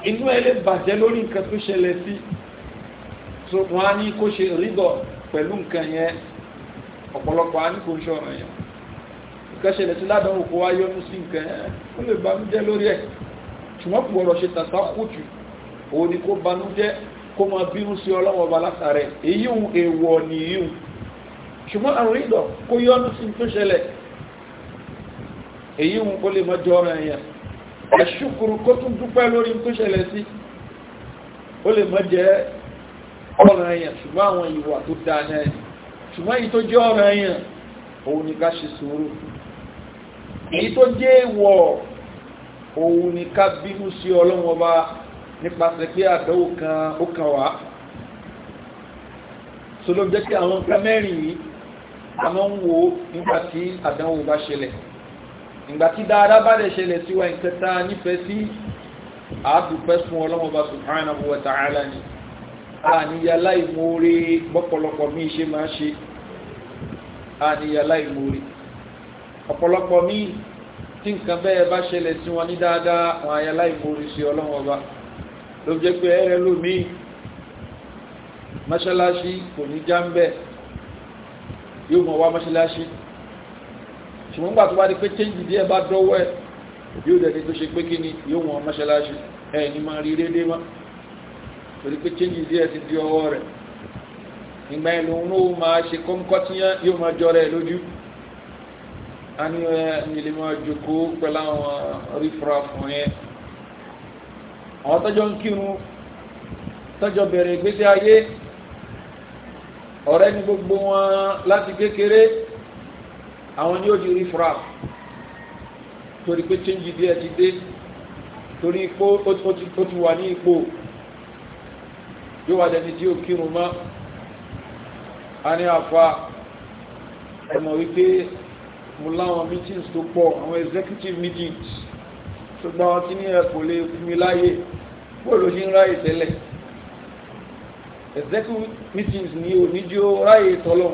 inú ẹ lè bàjẹ́ lórí nǹkan tó ṣẹlẹ̀ sí so wọ́n á ní kó ṣe rídọ̀ pẹ̀lú nǹkan yẹn ọ̀pọ̀lọpọ̀ á ní kó ṣe ọ̀ràn yẹn nǹkan ṣẹlẹ̀ sí ládàáwò kó wá yọnu sí nǹkan yẹn ó lè banújẹ́ lórí ẹ̀ ṣùgbọ́n kò gbọ́dọ̀ ṣe tàṣà kùtù òun ni kó banújẹ́ kó máa bínú sí ọlọ́wọ́ ọba látàrẹ èyíhun èèwọ̀ nìyíhun ṣùgbọ́n àrùn ìdọ̀ kó yọ́nú sí tó ṣẹlẹ̀ èyíhun kó lè mọ́jọ́ ọ̀rọ̀ ẹ̀yàn ẹ̀ṣùkùrù kó tún dúpẹ́ lórí tó ṣẹlẹ̀ sí ó lè mọ́jẹ́ ọ̀rọ̀ ẹ̀yàn ṣùgbọ́n àwọn ìwà tó dáa náà ṣùgbọ́n èyí tó jẹ́ ọ̀rọ̀ òun ni ká ṣe sùúrù èyí tó jẹ́ ìwọ̀ òun ni ká bínú sí ọlọ́wọ́ ọba nípasẹ̀ pé àdánwò kan ó kàn wá so ló jẹ́ pé àwọn nǹkan mẹ́rin yìí a máa ń wo nígbà tí àdánwò bá ṣẹlẹ̀ ìgbà tí dáadáa bá dẹ̀ ṣẹlẹ̀ sí wa nǹkan tá a nífẹ̀ẹ́ sí àádùpẹ́ fún ọlọ́mọba subhanahu wa ta'ala ni àníyà láìmoore bọ́pọ̀lọpọ̀ mi ṣe máa ṣe àníyà láìmoore ọ̀pọ̀lọpọ̀ mi tí nǹkan bẹ́ẹ̀ bá ní ló jẹ́ pé ẹ̀rẹ́ lómi mọ́ṣáláṣí kò ní já ń bẹ̀ yóò mọ̀ wá mọ́ṣáláṣí ṣùgbọ́n gbà tó bá di pé chéńjì díẹ̀ bá dọ́wọ́ ẹ̀ yóò dẹ̀ ní tó ṣe pé kíni yóò mọ̀ mọ́ṣáláṣí ẹ̀ ní máa rí rédé mọ́ torí pé chéńjì díẹ̀ ti di ọwọ́ rẹ̀ ìgbà ẹ̀ lòun ló máa ṣe kọ́ńkọ́tíyán yóò máa jọ rẹ̀ lójú a ní ẹ̀ nílé máa jòkó pẹ̀lú àwọn rífra fún yẹn àwọn tọ́jọ́ ń kírun tọ́jọ́ bẹ̀rẹ̀ ìgbésí ayé ọ̀rẹ́ ní gbogbo wọn láti kékeré àwọn ni ó di rí fura torí pé change díẹ̀ ti dé torí ipò ó ti wà ní ipò yóò wá dẹni tí ó kírun mọ́ a ní àfa ẹ̀mọ̀ wípé mo láwọn meetings tó pọ̀ àwọn executive meetings ṣùgbọ́n kí ni ẹ kò lè fún mi láyè bóòlù ṣe ń ráyè tẹ́lẹ̀ executive meetings ni ò ní jí ó ráyè tọ́lọ̀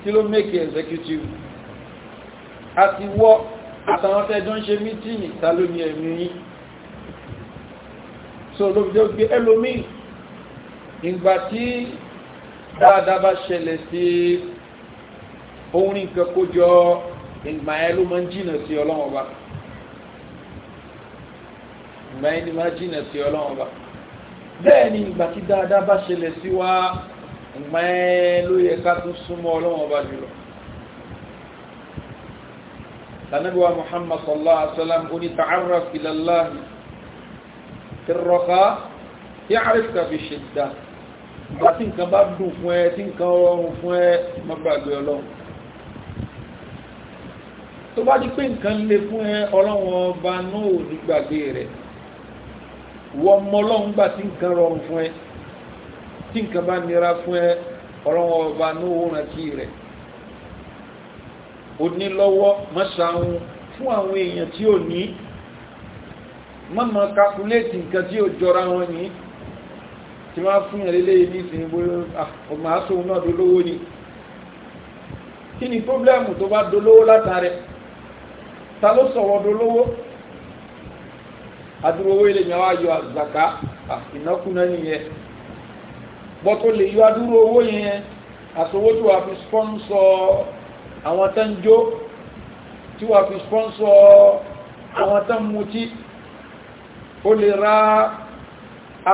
kí ló mẹ́kì executive àti wọ́ àtàwọn tẹ́jọ́ ń ṣe mítíìnì ta ló ní ẹ̀mí yín so ló fi jẹ́ pé ẹlòmíì ìgbà tí dáadáa bá ṣẹlẹ̀ sí òun nìkan ìgbà ẹ ló máa ń jìnà sí ọlọ́wọ́n bá ìgbà yẹn ni máa jìnà sí ọlọ́run ọba bẹ́ẹ̀ ni ìgbà tí dáadáa bá ṣẹlẹ̀ sí wa ìgbà yẹn ló yẹ ká tún súnmọ́ ọlọ́run ọba jùlọ. Ànábì wa Muhammad sallallahu alaihi wa sallam ó ní ta'arraf ila Allah fi ar-raqa ya'rifka fi shidda bá tí nǹkan bá dùn fún ẹ tí nǹkan rọrùn fún ẹ má gbàgbé tó bá di pé nǹkan le fún ẹ ọlọ́run ọba náà ò ní gbàgbé rẹ̀ wọ́n mọ ọlọ́run gbà tí nǹkan rọrùn fún ẹ tí nǹkan bá nira fún ẹ ọlọ́run ọba ní owó rántí rẹ̀ ó ní lọ́wọ́ mọ́sàn-án fún àwọn èèyàn tí ò ní mọ́mọ́ kakuléètì nǹkan tí ò jọra wọn ní tí wọ́n fún yàn lélẹ́yìn ní ìsìn ah, bóyá ọmọ asòun náà dolówó ni kí ni pọ́blẹ́mù tó bá dolówó látàrẹ ta ló sọ̀rọ̀ dolówó adúró owó ilé yẹn wá yọ àzàká ìnákúná nìyẹn bọ́tò lè yọ adúró owó yẹn àsowó tí wàá fi spọ́nsọ àwọn tán jó tí wàá fi spọ́nsọ àwọn tán mutí ó lè ra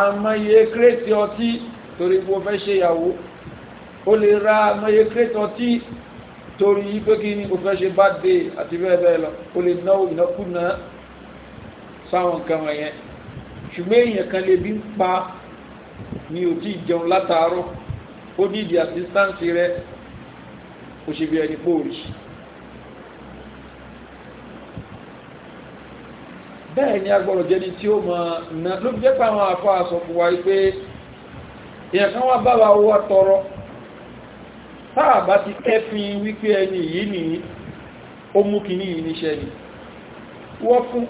àmọye kírètì ọtí torí pé fẹ́ ṣe ìyàwó ó lè ra àmọye kírètì ọtí torí pé kí ni ó fẹ́ ṣe bá dé àti bẹ́ẹ̀ bẹ́ẹ̀ lọ ó lè náwó ìnákúná sáwọn nǹkan wọ̀nyẹn ṣùgbọ́n èèyàn kan lè bí ń pa ní o ti jẹun látàárọ̀ ó ní ìdí àsístáǹsì rẹ kò ṣe bí ẹni pòórì. bẹ́ẹ̀ ni agbọ́dọ̀ jẹ́ni tí ó mọ̀ ná ló fi jẹ́ pé àwọn àfọ àsọ fún wa pé èèyàn kan wá bá wa wá tọrọ táà bá ti kẹ́fin wípé ẹni yìí nìyí ó mú kìíní yìí níṣẹ́ ni wọ́n fún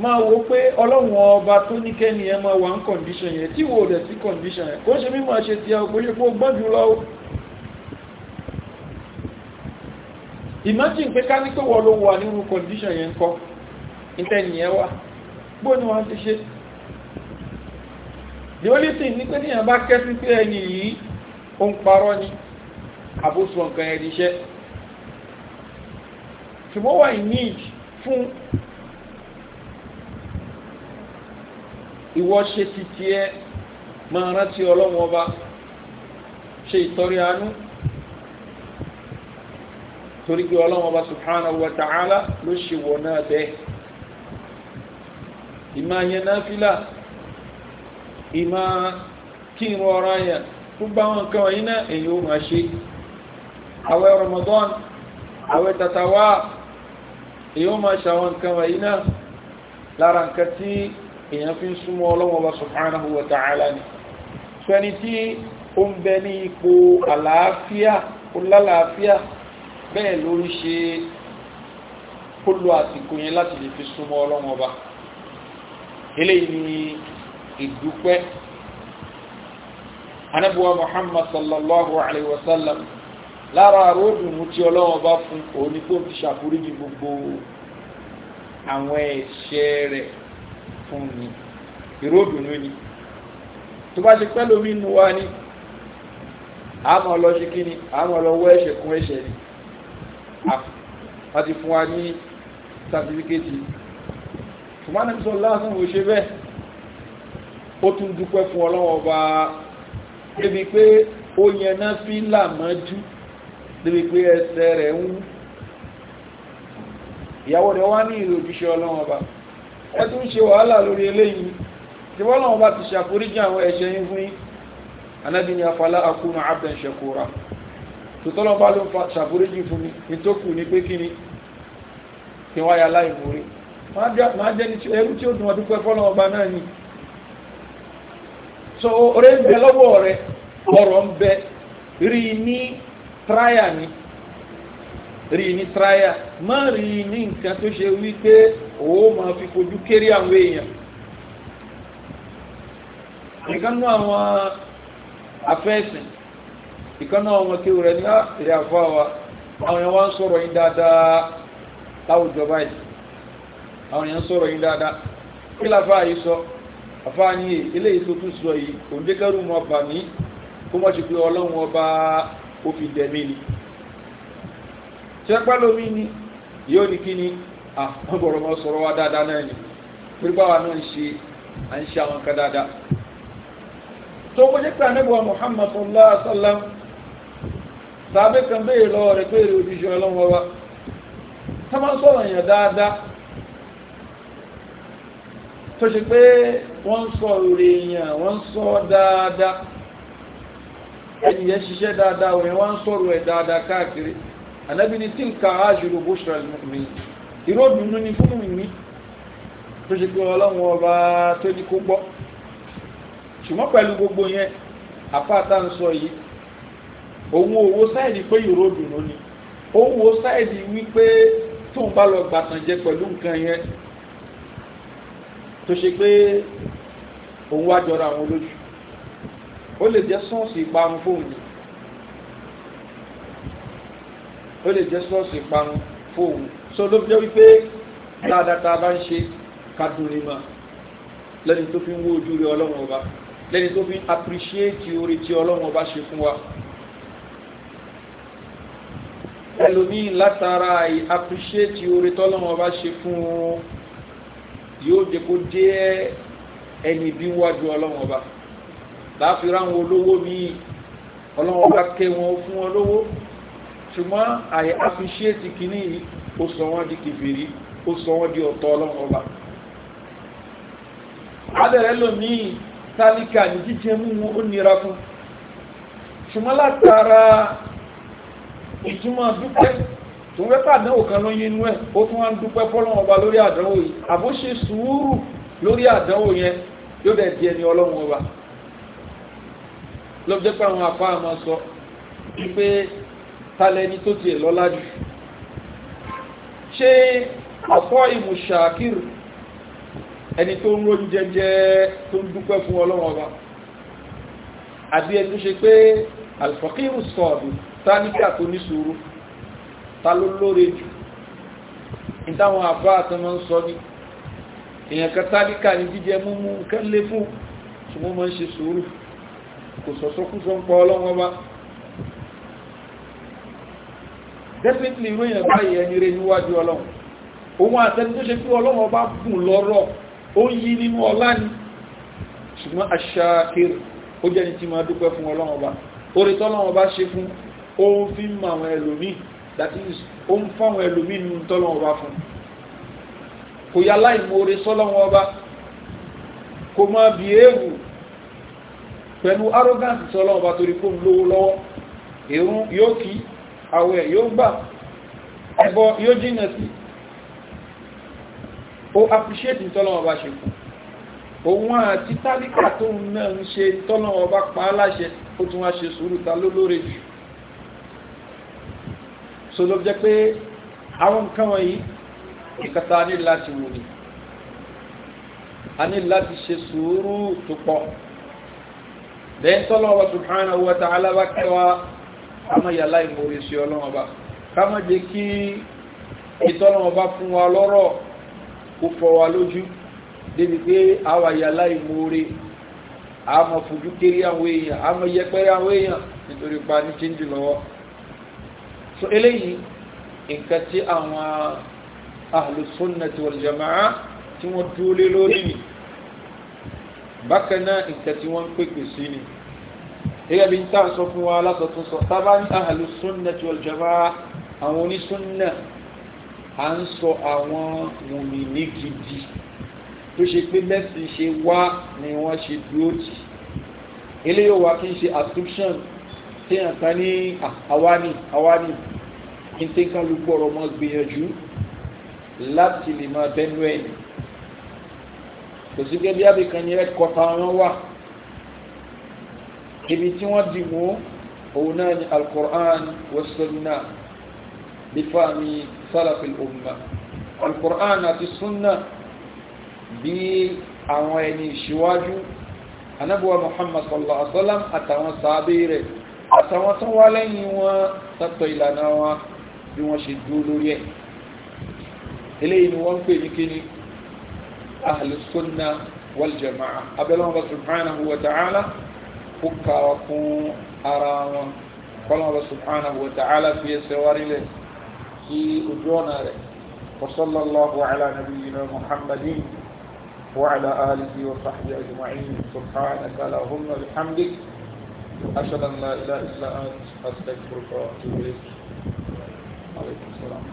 máa wo pé ọlọ́run ọba tó ní kẹ́ni ẹ máa wà ń kọ̀ǹdíṣàn yẹn tí wò rẹ̀ sí kọ̀ǹdíṣàn yẹn kó ṣe mí máa ṣe ti àwọn kò ṣe kó gbọ́n jù lọ imagine pé ká ní pé wọ́n ló wà nínú kọ̀ǹdíṣàn yẹn kọ́ ìtẹ̀yìn ẹ wá bó ni wọ́n ti ṣe the only thing ní pé níyàn bá kẹ́ sí pé ẹni yìí ó ń parọ́ ni àbóso nǹkan ẹni iṣẹ́ ṣùgbọ́n wà ní need fún ìwọ ṣe ti tiẹ̀ máa rántí ọlọ́wọ́n ọba ṣe ìtọ́rí àánú torí pé ọlọ́wọ́n ọba subhanahu wa ta'ala ló ṣe wọ̀ náà bẹ́ẹ̀ ìmá yẹn náà fílà ìmá kí n rọra yẹn gbogbo àwọn nǹkan wọ̀nyí náà èyí ó máa ṣe àwẹ̀ Ramadan àwẹ̀ tatawa èyí ó máa ṣe àwọn wọ̀nyí náà lára nǹkan tí èèyàn fi ń súnmọ́ Ọlọ́hun Ọba subhanahu wa ta'ala ni so ẹni tí ó ń bẹ ní ipò àlàáfíà ó lálàáfíà bẹ́ẹ̀ ló ń ṣe kó lo àsìkò yẹn láti lè fi súnmọ́ Ọlọ́hun Ọba eléyìí ni ìdúpẹ́ anábùwà Muhammad sallallahu alayhi wa lára ròdùnmù tí Ọlọ́hun bá fún òun ni kó ti ṣàforíjì gbogbo àwọn ẹ̀ṣẹ̀ rẹ̀ fún mi ìró ìdùnnú ni tó bá ṣe pẹ́ lómi nu wa ni àmọ́ lọ ṣe kí ni àmọ́ lọ wọ́ ẹ̀ṣẹ̀ kún ẹ̀ṣẹ̀ ni àti fún wa ní sàtífíkẹ́tì ṣùgbọ́n ní sọ lásán ò ṣe bẹ́ẹ̀ ó tún dúpẹ́ fún ọlọ́wọ́ bá débi pé ó yẹn náà fi làmọ́jú débi pé ẹsẹ̀ rẹ̀ ń ìyàwó rẹ̀ wá ní ìròjúṣe ọlọ́wọ́ bá ẹ tún ṣe wàhálà lórí eléyìí tí wọ́n lọ́wọ́ bá ti ṣàforíjì àwọn ẹ̀ṣẹ̀ yín fún yín anábì ní afala akúnà abdan shakura tòtọ́lọ́ bá ló ṣàforíjì fún mi ní tó kù ní pé kí ni kí wọ́n yà láì mórí máa jẹ́ ní ẹrú tí ó dùn ọdún rí ní trial má rí ní nǹkan tó ṣe wípé ó máa fi fojú kéré àwọn èèyàn ìkànnú àwọn afẹ́sìn ìkànnú àwọn kéwù rẹ̀ ní ah, ìrìn àfọ́ àwa àwọn èèyàn wá ń sọ̀rọ̀ yín dáadáa láwùjọ báyìí àwọn èèyàn sọ̀rọ̀ yín dáadáa kí láfa yìí sọ àfa ní ilé ìsòtú sọ yìí òǹdékẹ́rù mọ́ bà mí kó mọ́ ṣe pé ọlọ́run ọba ó fi dẹ̀mí ni ṣe pẹ́lómi ni yóò ní kí ni àgbọ̀rọ̀ mọ́ sọ̀rọ̀ wa dáadáa náà ni pírípáwà náà ṣe à ń ṣe àwọn kan dáadáa tó kó jẹ́ pé anábọ̀ Muhammad sallallahu alaihi wasallam sàbẹ̀ kan béèrè lọ́wọ́ rẹ̀ pé èrè òjijì ọlọ́wọ́ wa tá máa ń sọ̀rọ̀ èèyàn dáadáa tó ṣe pé wọ́n ń sọ òrè èèyàn wọ́n ń sọ dáadáa ẹnìyẹn ṣiṣẹ́ dáadáa òyìn wọ́n ń sọ̀rọ̀ ẹ̀ dáadáa káàkiri ànábì ní tí nǹkan ájúrò bó ṣe mi ìró dùnú ni fún mi tó ṣe pé ọlọ́run ọba tó ní kó gbọ́ ṣùgbọ́n pẹ̀lú gbogbo yẹn àpáta ń sọ yìí òun ò wo sáìdì pé ìró dùnú ni òun wo sáìdì wípé tóun bá lọ gbàtàn jẹ pẹ̀lú nǹkan yẹn tó ṣe pé òun wá jọra àwọn olójú ó lè jẹ́ sọ́ọ̀sì ìparun fóun ni ó lè jẹ́ sọ́ọ̀sì parun fóun so ló jẹ́ wípé dáadáa tá a bá ń ṣe kádùnrin mọ́ lẹ́ni tó fi ń wo ojú rẹ ọlọ́run ọba lẹ́ni tó fi ń apírísíétì orí tí ọlọ́run ọba ṣe fún wa ẹlòmíì látara apírísíétì orí tọ́lọ́run ọba ṣe fún un yóò jẹ́ kó jẹ́ ẹni bí wájú ọlọ́run ọba láàfin ráwọn olówó míì ọlọ́run ọba kẹ́ wọn fún wọn ṣùgbọ́n àyè àfiṣíẹ́tì kìíní yìí ó sọ wọ́n di kìfìrí ó sọ wọ́n di ọ̀tọ̀ ọlọ́run ọba adẹ̀rẹ́ lòmíì tálíkà ní jíjẹ mímu ó nira fún ṣùgbọ́n látara ìtumọ̀ dúpẹ́ tó ń fẹ́ pàdánwò kan lóyún inú ẹ̀ ó tún wá ń dúpẹ́ fọ́lọ́run ọba lórí àdánwò yìí àbó ṣe sùúrù lórí àdánwò yẹn yóò dẹ̀ di ẹni ọlọ́run ọba lọ́jọ́ pé àwọn afá àmọ́ sọ wípé talẹni tó tiẹ̀ lọ́lá jù ṣé àfọ́ ìmùṣàkìr ẹni tó ń ròyìn jẹjẹ tó ń dúpẹ́ fún ọlọ́run ọba àbí ẹni tó ṣe pé alfakiru sọ̀ọ̀dù táníkà tó ní sùúrù ta ló lóore jù ìdáwọn àbá àtọmọ́ ń sọ ní èèyàn kan táníkà ní jíjẹ múmú nǹkan lé fún ṣùgbọ́n mọ́ ń ṣe sùúrù kò sọ̀sọ́kúsọ ń pa ọlọ́run ọba definitely irú èèyàn báyìí ẹni rẹ̀ níwájú ọlọ́run òun àtẹni tó ṣe pé ọlọ́run ọba bùn lọ́rọ̀ ó yí nínú ọlá ni ṣùgbọ́n aṣáàkiri ó jẹ́ ní ti máa dúpẹ́ fún ọlọ́run ọba orí tọ́lọ́run ọba ṣe fún ó ń fi mọ àwọn ẹlòmíì that is ó ń fáwọn ẹlòmíì nínú tọ́lọ́run ọba fún kò yá láì mọ orí sọ́lọ́run ọba kò máa bí ewu pẹ̀lú arrogance èrún yóò kí àwẹ̀ yóò gbà ẹbọ yóò jìnà sí ó appreciate tọ́lọ́wọ́ bá ṣe fún òun àti tálíkà tó ń náà ń ṣe tọ́lọ́wọ́ bá pa á láṣẹ ó tún wá ṣe sùúrù ta ló lóore jù so ló jẹ́ pé àwọn nǹkan wọ̀nyí ìkàtà ní láti wò ní a ní láti ṣe sùúrù tó pọ̀ bẹ́ẹ̀ tọ́lọ́wọ́ subhanahu wa ta'ala bá kámá yàlá ìmòrè sí ọlọ́run ọba kámá jẹ́ kí ìtọ́lọ́run ọba fún wa lọ́rọ̀ kó fọ́ wa lójú débi pé àwa yàlá ìmòrè àmọ́ fojú kéré àwọn èèyàn àmọ́ yẹpẹrẹ àwọn èèyàn nítorí pa ní chíńjì lọ́wọ́ so eléyìí nǹkan tí àwọn ahlu sunnati wal jamaa tí wọ́n dúró lé lórí ni bákan náà nǹkan tí wọ́n ń pèpè sí ni gẹ́gẹ́ bí n tá à ń sọ fún wa alásọtúnsọ tábà ní ahlu sunnati wal jamaa àwọn onísúnnà à ń sọ àwọn mùmìnì gidi tó ṣe pé mẹ́sìn ṣe wá ni wọ́n ṣe dúró tì eléyìí ò wá kí n ṣe assumption téèyàn kan ní àwáni àwáni kí n tẹ́ kan ló mọ́ gbìyànjú láti lè máa bẹ́nu ẹ̀yìn kò sí gẹ́gẹ́ bí abìkan ní ẹ̀kọ́ta wọn wà ibi tí wọ́n dì mú òun náà ni alkur'an wa sunna bí fàmì salafil umma alkur'an àti sunna bí àwọn ẹni ìṣíwájú anábúwa muhammad sallallahu alaihi wasallam àtàwọn sàábé rẹ̀ àtàwọn tó wá lẹ́yìn wọn tọ́tọ̀ ìlànà wọn bí wọ́n ṣe dúró lórí ẹ̀ eléyìí ni wọ́n pè ní kíní ahlus wal jama'a abẹ́lẹ́wọ̀n subhanahu wa ta'ala ó ka fún ara wọn kọ́lọ́mọba subhanahu wa ta'ala fi ẹsẹ̀ wárí lẹ̀ sí ojú ọ̀nà rẹ̀ وصلى الله على نبينا محمد وعلى آله وصحبه أجمعين سبحانك اللهم بحمدك أشهد أن لا إله إلا أنت أستغفرك وأتوب إليك عليكم السلام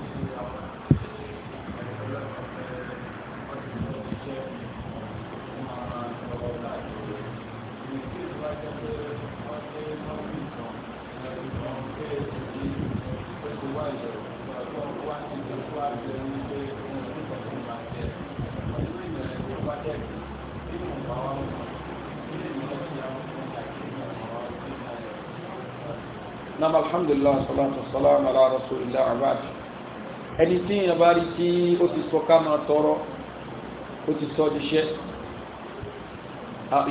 nam alhamdulilah salatu salam ala rasulillah abad ẹni tí yẹn bá rí tí ó ti sọ ká máa tọrọ ó ti sọ di iṣẹ́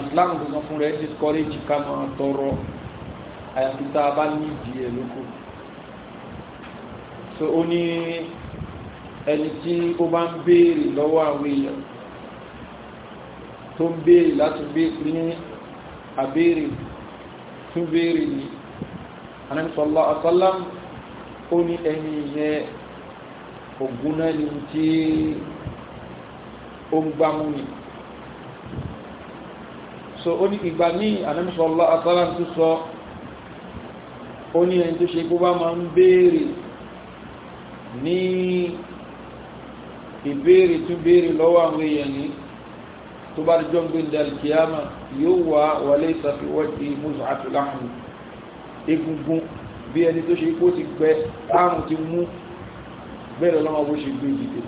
islam gbogbo fún rẹ discourage ká máa tọrọ àyàfi tá a bá ní ìdí ẹ lóko so ó ní ẹni tí ó bá ń béèrè lọ́wọ́ àwọn èèyàn tó ń béèrè láti ní àbéèrè tún béèrè ní anamisọ́lá asálám ó ní ẹni yẹn ògùn náà ni tí ó ń gbámú ni so ó ní ìgbà ní anamisọ́lá asálám tó sọ ó ní ẹni tó ṣe gbogbo máa ń béèrè ní ìbéèrè tún béèrè lọ́wọ́ àwọn èèyàn ní tó bá jọ gbé dàlkìyàmà yóò wá wọlé ìsàfihàn ìmúṣà àti láàmù egungun bí ẹni tó ṣe kó ti gbẹ láàmù ti mú bẹ́ẹ̀rẹ̀ lọ́wọ́ bó ṣe gbé ìdìbò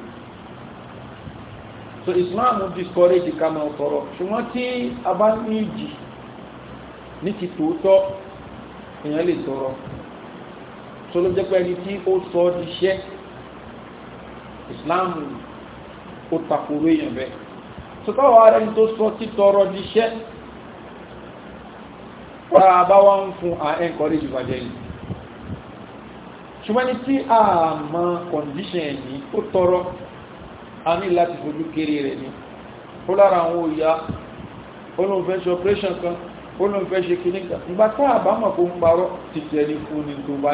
so islam discourage ká máa tọrọ ṣùgbọ́n tí a bá ní ìjì ní ti tòótọ́ èèyàn lè tọrọ so ló jẹ́ pé ẹni tí ó sọ ọ́ di iṣẹ́ islam ó takoro èèyàn bẹ́ẹ̀ sọ́tọ́wọ́ ara ẹni tó sọ títọrọ díṣẹ́ ọ̀rọ̀ àbáwá ń fún à encourage ìbàjẹ́ yìí ṣùgbọ́n ní tí a mọ condition ẹ̀ní ó tọrọ a ní láti fojú kéré rẹ̀ ni ó lára àwọn òyà olóńfẹ́ operation kan olóńfẹ́ ṣe kìíní kan ìgbà tá a bá mọ̀ kó ń parọ́ ti tẹ̀lé fún ni tó bá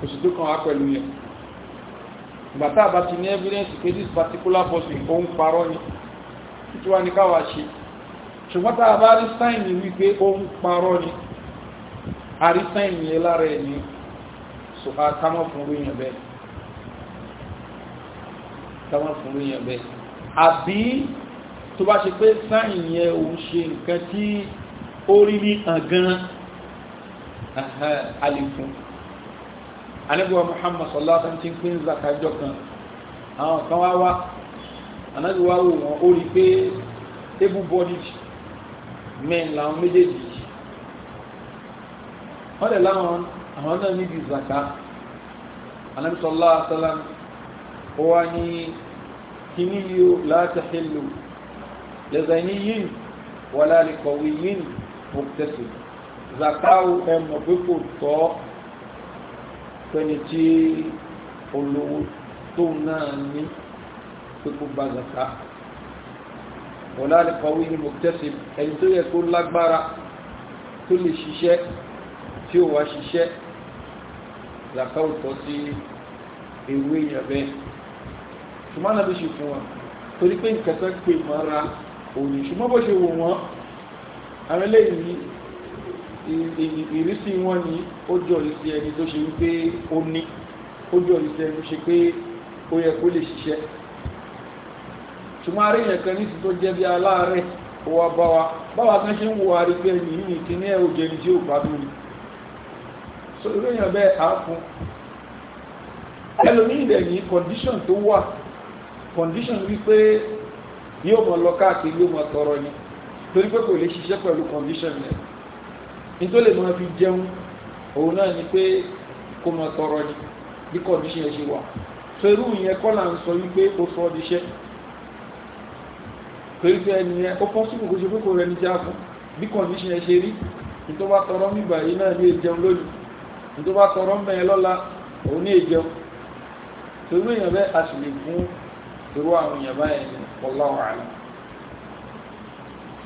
kò sì tó kàn wá pẹ̀lú yẹn ìgbàtà àbá ti ní evidence pé this particular person ó parọ́ ni títí wá ní káwà ṣe ṣùgbọ́n tá bá rí sign ni wípé ó parọ́ ni a rí sign yẹn lára ẹ̀ ní so a kámọ́ fún lóyìn bẹ́ẹ̀ kámọ́ fún lóyìn bẹ́ẹ̀ àbí tó bá ṣe pé sign yẹn ò ṣe nǹkan tí ó rí ní àgán àlè fún un anabiwa muhammad sallallahu alaihi wasallam ti ń pín zaka jọ kan àwọn kan wá wá anabiwa wò wọn ó rí pé able bodied men làwọn méjèèjì wọ́n lè láwọn àwọn náà níbi zaka anabi sallallahu alaihi wasallam ó wá ní kíní yóò láti hìlù lẹ́zẹ̀ẹ́ni yìí wọ́n láti kọ̀wé yìí mọ̀tẹ́sì zaka ẹ̀ pé kò tọ́ pẹ́ni tí olówó tó náà ní pípò bá zaka wọ́n láti kọ̀wé ní mọ̀tẹ́sì ẹni tó yẹ kó lágbára tó lè ṣiṣẹ́ tí ó wá ṣiṣẹ́ zaka ò tọ́ sí ewé èèyàn bẹ́ẹ̀ ṣùgbọ́n náà bí ṣe fún wa torí pé nǹkan pè mọ́ra òní ṣùgbọ́n bó ṣe wò wọ́n àwọn eléyìí ìrísí wọn ni ó jọrí sí ẹni tó ṣe wípé ó ní ó jọrí sí ẹni tó ṣe pé ó yẹ kó lè ṣiṣẹ́ ṣùgbọ́n arí yẹn kan nísì tó jẹ́ bí aláàárẹ̀ wà bá wa báwa kan ṣe ń wo arí pé ẹni yìí nìkan ní ẹ̀rọ jẹni tí ó gbádùn ni so irú èèyàn bẹ́ẹ̀ á fún ẹlòmíì dẹ̀ ní condition tó wà condition wípé yóò mọ̀ lọ káàkiri yóò mọ̀ tọrọ ni torí pé kò lè ṣiṣẹ́ pẹ̀lú condition yẹn nítorí lè máa fi jẹun òun náà ni pé kó máa tọrọ ni bí kọ̀díṣẹ́ ẹ ṣe wà so irú ìyẹn kọ́ là ń sọ wípé ó sọ ọ́ díṣẹ́ pẹ̀lú pé ẹni yẹn ó fọ́ sí kòkó ṣe pé kò rẹni já fún bí kọ̀díṣẹ́ ẹ ṣe rí nítorí bá tọrọ nígbà yìí náà ní èjẹun lónìí nítorí bá tọrọ mẹ́rin lọ́la òun ní èjẹun so irú bẹ́ẹ̀ a sì lè fún irú àwọn èèyàn báyẹn wallahu a'lam